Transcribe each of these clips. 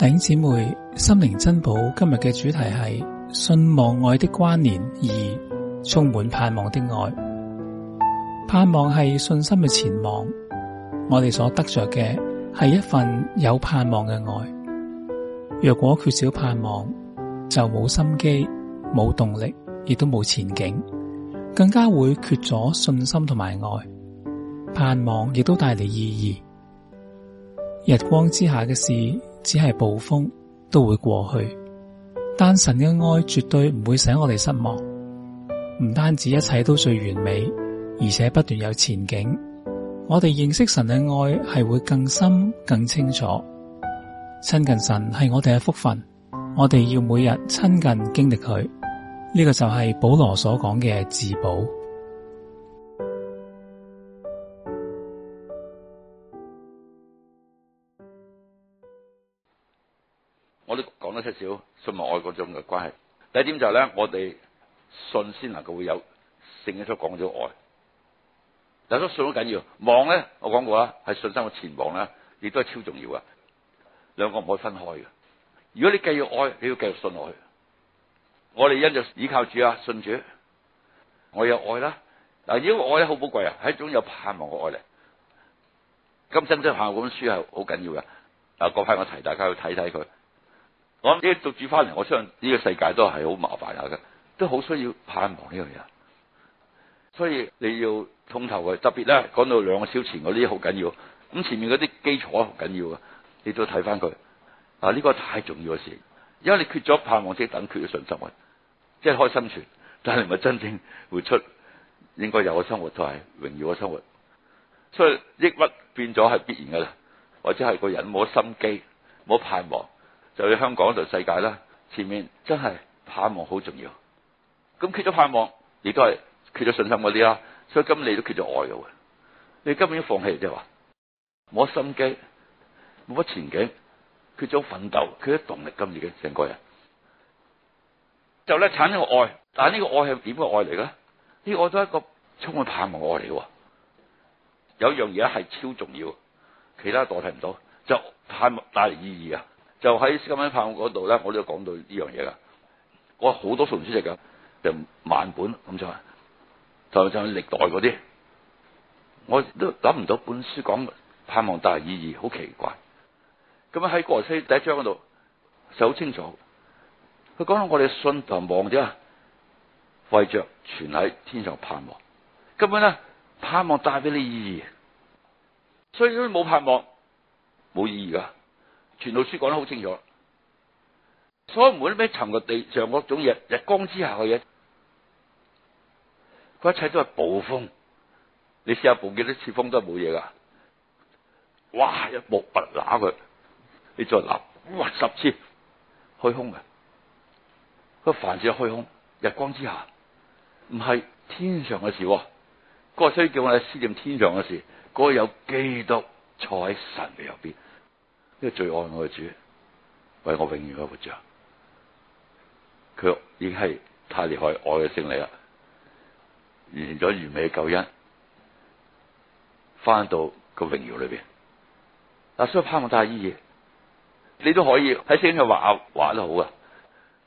弟兄姊妹，心靈珍寶今日嘅主題係信望愛的關聯，二充滿盼望的愛。盼望係信心嘅前望。我哋所得着嘅係一份有盼望嘅愛。若果缺少盼望，就冇心機、冇動力，亦都冇前景，更加會缺咗信心同埋愛。盼望亦都帶嚟意義。日光之下嘅事，只係暴風都會過去，但神嘅愛絕對唔會使我哋失望。唔單止一切都最完美，而且不斷有前景。我哋認識神嘅愛係會更深更清楚，親近神係我哋嘅福分。我哋要每日親近經歷佢，呢個就係保羅所講嘅自保。少信望愛嗰種嘅關係。第二點就係咧，我哋信先能夠會有聖經所講咗愛。但都信好緊要，望咧我講過啦，係信心嘅前望咧，亦都係超重要噶。兩個唔可以分開噶。如果你繼續愛，你要繼續信落去。我哋因着依靠住啊，信主，我有愛啦。嗱，如果愛咧好寶貴啊，係一種有盼望嘅愛嚟。今生真盼望嗰本書係好緊要噶。嗱，嗰排我提大家去睇睇佢。我啲到住翻嚟，我相信呢個世界都係好麻煩下嘅，都好需要盼望呢樣嘢。所以你要通透嘅，特別啦，講到兩個小時前嗰啲好緊要，咁前面嗰啲基礎好緊要嘅，你都睇翻佢啊！呢、這個太重要嘅事，因為你缺咗盼望即係等缺咗信心運，即係開心存，但係唔係真正活出應該有嘅生活，都係榮耀嘅生活。所以抑鬱變咗係必然噶啦，或者係個人冇心機，冇盼望。就去香港同世界啦！前面真係盼望好重要，咁缺咗盼望，亦都係缺咗信心嗰啲啦。所以今你都缺咗愛嘅喎，你根本都放棄即係話，冇乜心機，冇乜前景，缺咗奮鬥，缺咗動力。今已嘅成個人，就咧產生個愛，但係呢個愛係點嘅愛嚟咧？呢、這個愛都係一個充滿盼望嘅愛嚟，有樣嘢係超重要，其他代替唔到，就盼望帶嚟意義啊！就喺今晚盼望嗰度咧，我都有講到呢樣嘢噶。我好多傳統書籍嘅，就萬本咁就，同埋就歷代嗰啲，我都諗唔到本書講盼望帶嚟意義，好奇怪。咁樣喺《歌羅西》第一章嗰度就好清楚，佢講到我哋信同望者為著存喺天上盼望。根本呢，盼望帶俾你意義，所以佢冇盼望冇意義噶。全老師講得好清楚，所有唔會咩沉喺地上嗰種嘢，日光之下嘅嘢，佢一切都係捕風。你試下捕幾多次風都係冇嘢噶，哇！一暴拔揦佢，你再立哇！十次開空嘅，佢凡事開空，日光之下，唔係天上嘅事。嗰、那個所以叫我哋思念天上嘅事，嗰、那個有基督坐喺神嘅右邊。因為最愛我嘅主，為我永遠而活着，佢已係太厲害，我嘅勝利啦，完咗完美嘅救恩，翻到個榮耀裏邊。嗱、啊，所以潘牧師，你都可以喺天去畫畫得好啊！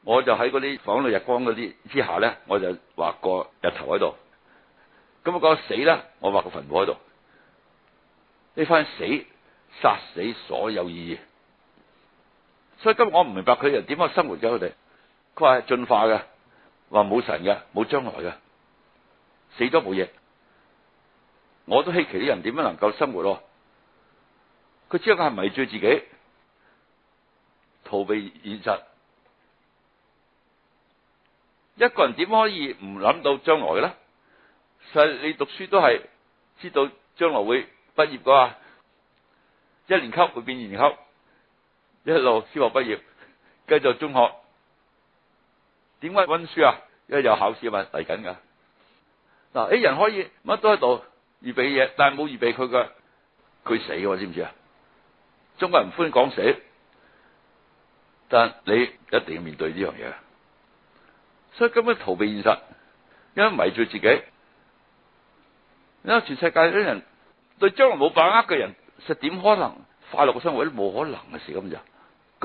我就喺嗰啲房到日光嗰啲之下咧，我就畫個日頭喺度。咁啊，講死啦，我畫個墳墓喺度，你番死。殺死所有意義，所以今日我唔明白佢哋點樣生活咗佢哋。佢話進化嘅，話冇神嘅，冇將來嘅，死咗冇嘢。我都希奇啲人點樣能夠生活咯。佢只係咪迷住自己，逃避現實？一個人點可以唔諗到將來咧？其實你讀書都係知道將來會畢業噶。一年級會變二年級，一路小學畢業，繼續中學。點解溫書啊？因為有考試嘛嚟緊噶。嗱，啲人可以乜都喺度預備嘢，但係冇預備佢嘅，佢死嘅，知唔知啊？中國人唔歡喜講死，但你一定要面對呢樣嘢。所以根本逃避現實，因為迷住自己，因為全世界啲人對將來冇把握嘅人。實點可能快樂嘅生活，都冇可能嘅事咁就，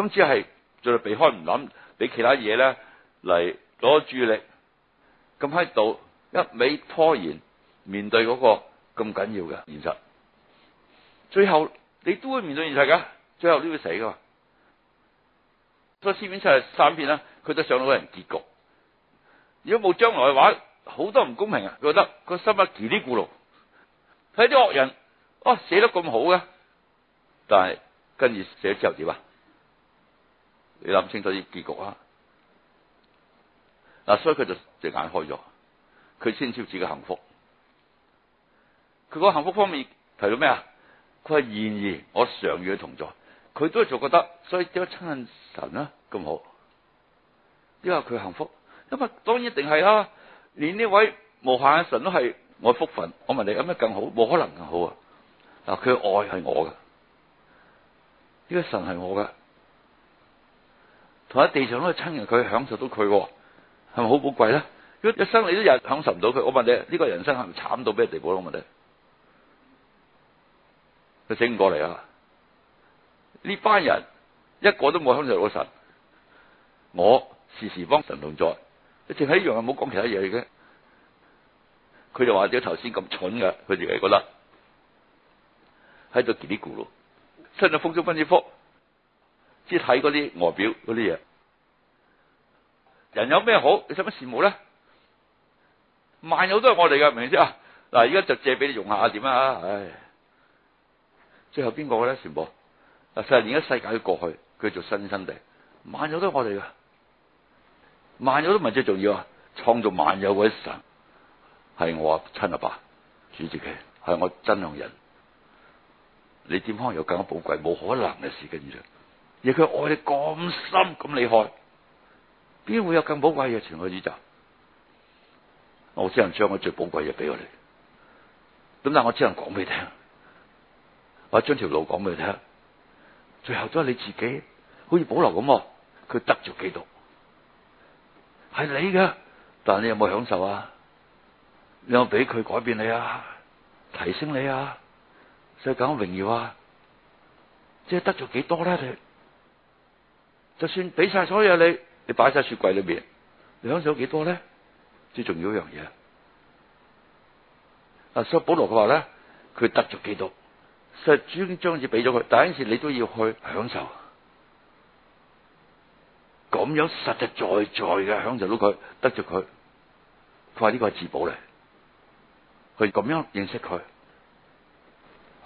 咁只係在度避開唔諗，俾其他嘢咧嚟攞注意力，咁喺度一味拖延面對嗰個咁緊要嘅現實，最後你都會面對現實噶，最後都會死噶嘛。所以七七三，書面出嚟散片啦，佢就上到人結局。如果冇將來嘅話，好多唔公平啊，佢覺得個心一奇啲咕嚕，睇啲惡人。哦，寫、啊、得咁好嘅，但係跟住寫咗之後點啊？你諗清楚啲結局啊！嗱，所以佢就隻眼開咗，佢先超自己幸福。佢個幸福方面提到咩啊？佢係然而我常與佢同在，佢都仲覺得所以只有親近神啦，咁好，因為佢幸福，因為當然一定係啊。連呢位無限嘅神都係我福分，我問你咁咩更好？冇可能更好啊！佢愛係我噶，呢個神係我噶，同喺地上嗰個親人，佢享受到佢，係咪好寶貴咧？如果一生你都日享受唔到佢，我問你，呢個人生係咪慘到咩地步咯？我問你，佢醒唔過嚟啊？呢班人一個都冇享受到神，我時時幫神同在，你淨係一樣，唔冇講其他嘢嘅，佢就話咗頭先咁蠢噶，佢哋己覺得。喺度嘰哩咕嚕，真係豐收，分收福，只睇嗰啲外表嗰啲嘢，人有咩好，你使乜羨慕咧？萬有都係我哋噶，明唔明先啊？嗱，而家就借俾你用下點啊？唉、哎，最後邊個咧？全部嗱，世十年嘅世界都過去，佢做新天地。萬有都係我哋噶，萬有都唔係最重要啊！創造萬有嗰位神係我親阿爸，爸，主自己係我真良人。你點可能有更加寶貴，冇可能嘅事？跟住，而佢愛你咁深、咁厲害，邊會有更寶貴嘅？全個宇宙，我只能將我最寶貴嘅俾我哋。咁但我只能講俾你聽，我將條路講俾你聽。最後都係你自己，好似保留咁，佢得咗基督，係你嘅。但係你有冇享受啊？你有俾佢改變你啊？提升你啊？所以講榮耀啊！即係得咗幾多咧？佢就算俾晒所有你，你擺晒雪櫃裏邊，你享受幾多咧？最重要一樣嘢，阿叔保羅佢話咧，佢得咗幾多？神主將之俾咗佢，但係嗰陣時你都要去享受，咁樣實實在在嘅享受到佢，得着佢。佢話呢個係自保嚟，佢咁樣認識佢。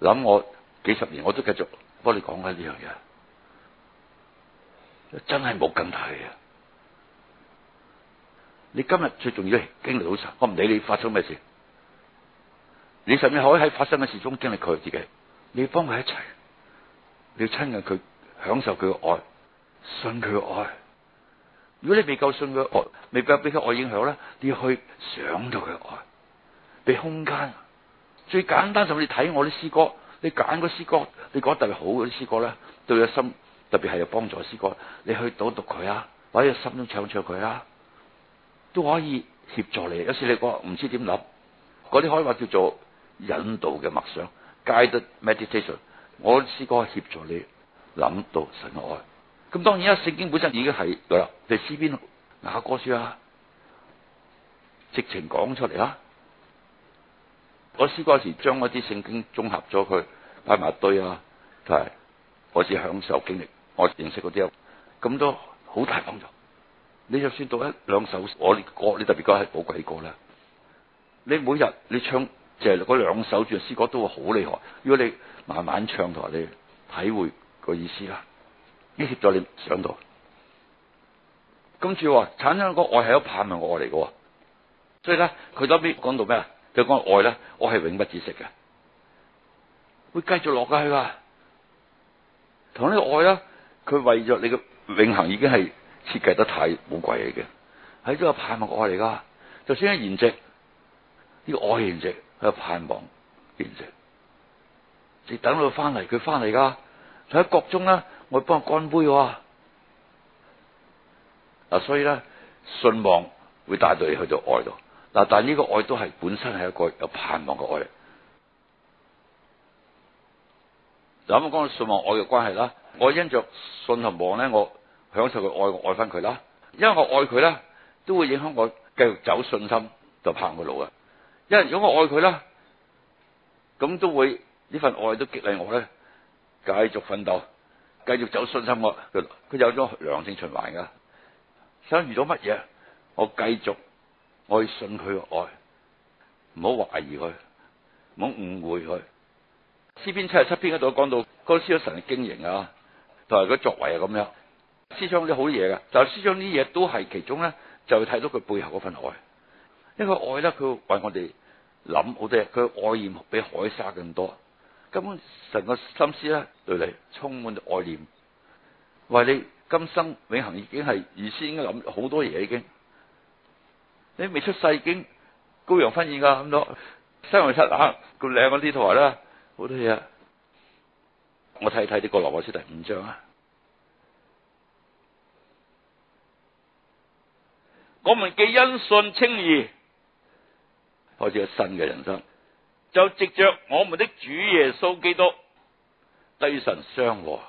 諗我幾十年，我都繼續幫你講緊呢樣嘢，真係冇咁大嘅。你今日最重要咧，經歷到神，我唔理你發生咩事，你甚至可以喺發生嘅事中經歷佢自己，你要幫佢一齊，你要親近佢，享受佢嘅愛，信佢嘅愛。如果你未夠信佢愛，未夠俾佢愛影響咧，你要去想到佢愛，俾空間。最簡單就是你睇我啲詩歌，你揀嗰詩歌，你覺得特別好嗰啲詩歌咧，對個心特別係有幫助嘅詩歌，你去讀一讀佢啊，或者心中唱唱佢啊，都可以協助你。有時你講唔知點諗，嗰啲可以話叫做引導嘅默想，Guided meditation。我啲詩歌協助你諗到神嘅愛。咁當然啦、啊，聖經本身已經係啦，你詩篇雅歌書啊，直情講出嚟啦、啊。我詩歌時將一啲聖經綜合咗佢擺埋一堆啊！係我只享受經歷，我認識嗰啲，咁都好大幫助。你就算讀一兩首我啲歌，你特別嗰係寶貴歌啦。你每日你唱就係嗰兩首，仲係詩歌都會好厲害。如果你慢慢唱同埋你體會個意思啦，啲協助你上到，跟住產生個愛係一盼咪我嚟嘅，所以咧佢嗰邊講到咩啊？就講愛呢，我係永不止息嘅，會繼續落去㗎。同呢個愛呢，佢為咗你嘅永恒，已經係設計得太寶貴嚟嘅，喺呢個、這個、盼望愛愛嚟噶。就先係延直，呢個愛延直係盼望延直，你等佢翻嚟，佢翻嚟噶。喺國中咧，我幫佢乾杯啊！所以咧，信望會帶到你去到愛度。嗱，但係呢個愛都係本身係一個有盼望嘅愛。就咁講到信望愛嘅關係啦，我因着信同望咧，我享受佢愛，我愛翻佢啦。因為我愛佢啦，都會影響我繼續走信心就盼嘅路啊。因為如果我愛佢啦，咁都會呢份愛都激勵我咧，繼續奮鬥，繼續走信心嘅，佢佢有咗良性循環噶。想遇到乜嘢，我繼續。愛信佢嘅愛，唔好懷疑佢，唔好誤會佢。詩篇七十七篇嗰度講到嗰個思想神嘅經營啊，同埋個作為啊咁樣。思想啲好嘢嘅，但係思想啲嘢都係其中咧，就睇到佢背後嗰份愛。因為愛咧，佢為我哋諗好多嘢，佢愛意比海沙更多。根本神個心思咧，對你充滿咗愛念，為你今生永恆已經係預先應該諗好多嘢已經。你未出世已經高陽婚宴噶咁多，三位七啊，佢靚啊呢台啦，好多嘢。我睇睇《呢個羅馬書》第五章啊，我們既因信稱義，開始個新嘅人生，就藉著我們的主耶穌基督，得與神相和。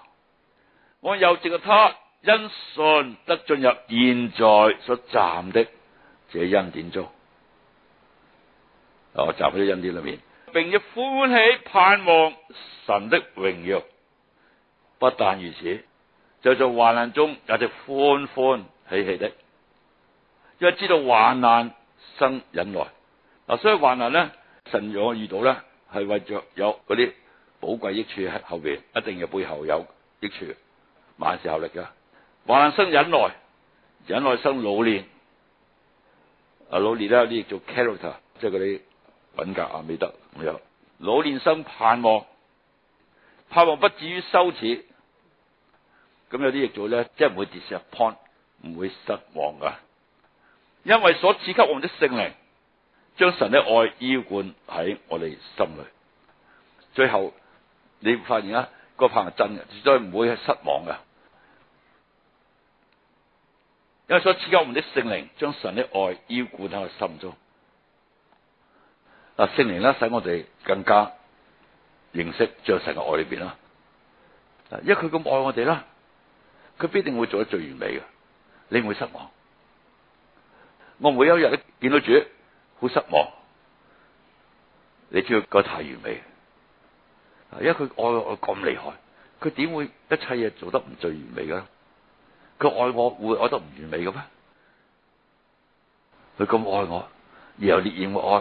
我又藉著他因信，恩得進入現在所站的。這恩典中，哦，集喺啲恩典裏面，並且歡喜盼望神的榮耀。不但如此，就在患難中也係歡歡喜喜的，因為知道患難生忍耐。啊，所以患難呢，神讓我遇到呢，係為着有嗰啲寶貴益處喺後邊，一定嘅背後有益處，萬事效力㗎。患難生忍耐，忍耐生老練。啊，老練咧，有啲叫做 character，即係嗰啲品格啊、美德。我有老練生盼望，盼望不至於羞恥。咁有啲叫做咧，即係唔會 disappoint，唔會失望噶。因為所賜給我們的聖靈，將神的愛澆灌喺我哋心裡。最後你會發現啊，個盼望係真嘅，絕對唔會係失望噶。因為所賜給我們的聖靈，將神的愛澆灌喺心中。嗱，聖靈咧使我哋更加認識在神嘅愛裏邊啦。因為佢咁愛我哋啦，佢必定會做得最完美嘅，你唔會失望。我每一日咧見到主，好失望。你知佢個太完美，因為佢愛我咁厲害，佢點會一切嘢做得唔最完美嘅？佢愛我會，會愛得唔完美嘅咩？佢咁愛我，而又烈焰嘅愛，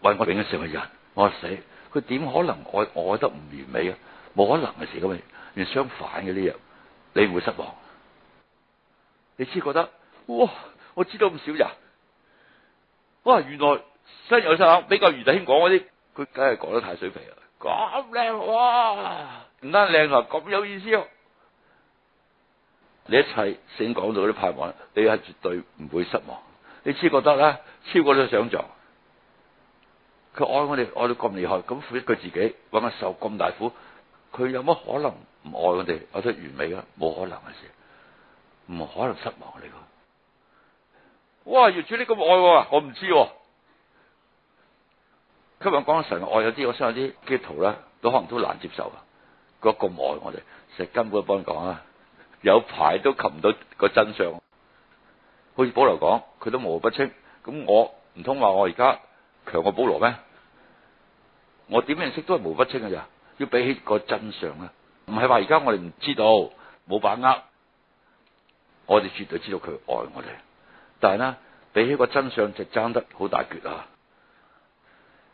為我永遠成為人，我死，佢點可能愛愛得唔完美嘅？冇可能嘅事。咁原來相反嘅呢樣，你唔會失望，你先覺得哇，我知道咁少人，哇，原來真有心諗，比較余弟兄講嗰啲，佢梗係講得太水皮啦，咁靚哇，唔單靚啊，咁、啊啊、有意思、啊。你一切先講到啲盼望，你係絕對唔會失望。你只覺得咧超過咗想象，佢愛我哋愛到咁厲害，咁負一句自己，搵我受咁大苦，佢有乜可能唔愛我哋愛得完美噶？冇可能嘅事，唔可能失望。呢個哇，主你咁愛我、啊，我唔知道、啊。今日講神嘅愛有啲，我想有啲基督徒咧都可能都難接受啊！個咁愛我哋，實根本幫你講啊！有排都擒唔到個真相，好似保羅講，佢都模糊不清。咁我唔通話我而家強過保羅咩？我點認識都係模糊不清嘅咋？要比起個真相啊，唔係話而家我哋唔知道，冇把握，我哋絕對知道佢愛我哋。但係呢，比起個真相就爭得好大決啊！